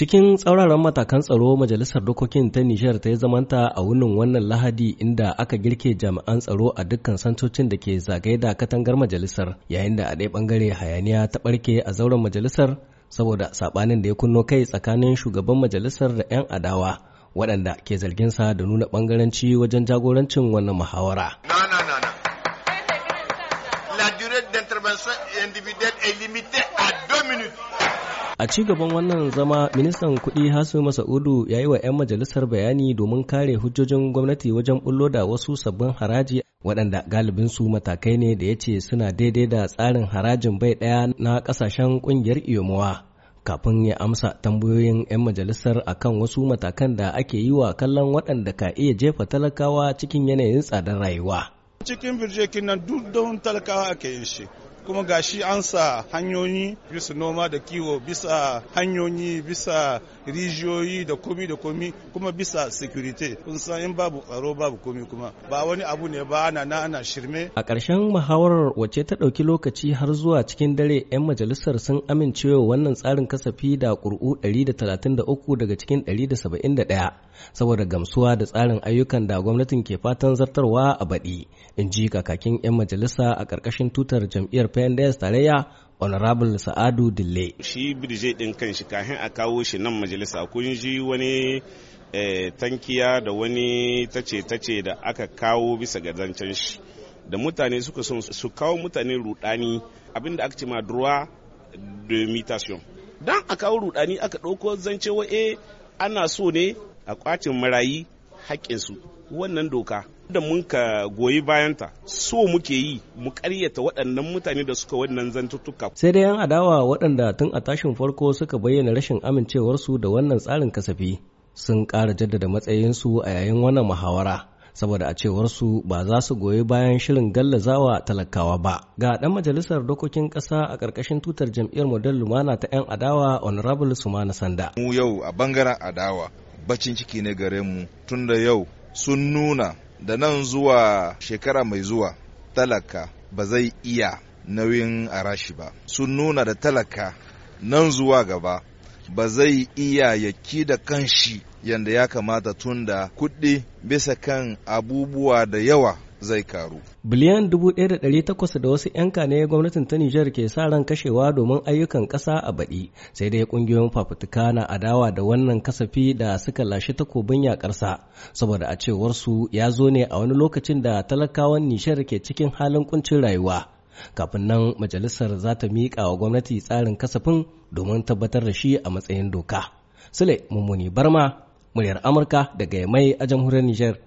Cikin tsauraran matakan tsaro majalisar dokokin ta Nijar ta yi zamanta a wunin wannan lahadi inda aka girke jami'an tsaro a dukkan santocin da ke zagaye da katangar majalisar yayin da a ɗaya ɓangare hayaniya ta ɓarke a zauren majalisar saboda saɓanin da ya kunno kai tsakanin shugaban majalisar da 'yan adawa waɗanda ke zarginsa da nuna ɓangaranci wajen jagorancin wannan muhawara. La durée d'intervention individuelle est limitée à deux minutes. A ci gaban wannan zama ministan kuɗi Hasu Masa'udu ya yi wa 'yan majalisar bayani domin kare hujjojin gwamnati wajen bullo da wasu sabbin haraji waɗanda galibin su matakai ne da ya ce suna daidai da tsarin harajin bai ɗaya na ƙasashen ƙungiyar iyomowa. kafin ya amsa tambayoyin 'yan majalisar akan wasu matakan da ake yi wa kallon waɗanda ka iya jefa talakawa cikin yanayin tsadar rayuwa. cikin birjekin nan duk don talakawa ake yin shi kuma gashi an sa hanyoyi bisa noma da kiwo bisa hanyoyi bisa rijiyoyi da komi da komi kuma bisa security kun san in babu tsaro babu komi kuma ba wani abu ne ba ana na ana shirme a ƙarshen muhawarar wace ta ɗauki lokaci har zuwa cikin dare 'yan majalisar sun amincewa wannan tsarin kasafi da ƙuri'u 133 daga cikin 171 saboda gamsuwa da tsarin ayyukan da gwamnatin ke fatan zartarwa a baɗi in ji kakakin 'yan majalisa a ƙarƙashin tutar jam'iyyar independence tarayya honorable sa'adu dille shi birje din kan shi kafin a kawo shi nan majalisa kun ji wani eh, tankiya da wani tace tace da aka kawo bisa ga zancen shi da mutane suka son su kawo mutane rudani abinda aka ce ma droit de mutation dan a kawo rudani aka ɗauko zance wa'e eh, ana so ne a kwacin marayi haƙƙinsu wannan doka da mun ka goyi bayanta so muke yi mu karyata waɗannan mutane da suka wannan zantuttuka. Sai dai 'yan adawa waɗanda tun a tashin farko suka bayyana rashin amincewarsu da wannan tsarin kasafi sun ƙara jaddada matsayinsu a yayin wannan muhawara. saboda a cewarsu ba za su goyi bayan shirin gallazawa talakawa ba ga ɗan majalisar dokokin Ƙasa a ƙarƙashin tutar jam'iyyar model lumana ta 'yan adawa honorable sumana sanda mu yau a bangaren adawa bacin ciki ne gare mu tunda yau sun nuna da nan zuwa shekara mai zuwa talaka ba zai iya nauyin arashi ba sun nuna da talaka nan zuwa gaba ba zai iya yaki da kanshi yadda ya kamata tunda da kuɗi bisa kan abubuwa da yawa zai karu. Biliyan 1,800 da wasu 'yan ne gwamnatin ta Nijar ke sa ran kashewa domin ayyukan ƙasa a baɗi, sai dai ƙungiyoyin fafutuka na adawa da wannan kasafi da suka lashe takobin yaƙarsa, saboda a cewar su ya zo ne a wani lokacin da talakawan Nijar ke cikin halin ƙuncin rayuwa. Kafin nan majalisar za ta miƙa wa gwamnati tsarin kasafin domin tabbatar da shi a matsayin doka. Sule Mummuni Barma, muryar Amurka daga Yamai a jamhuriyar Nijar.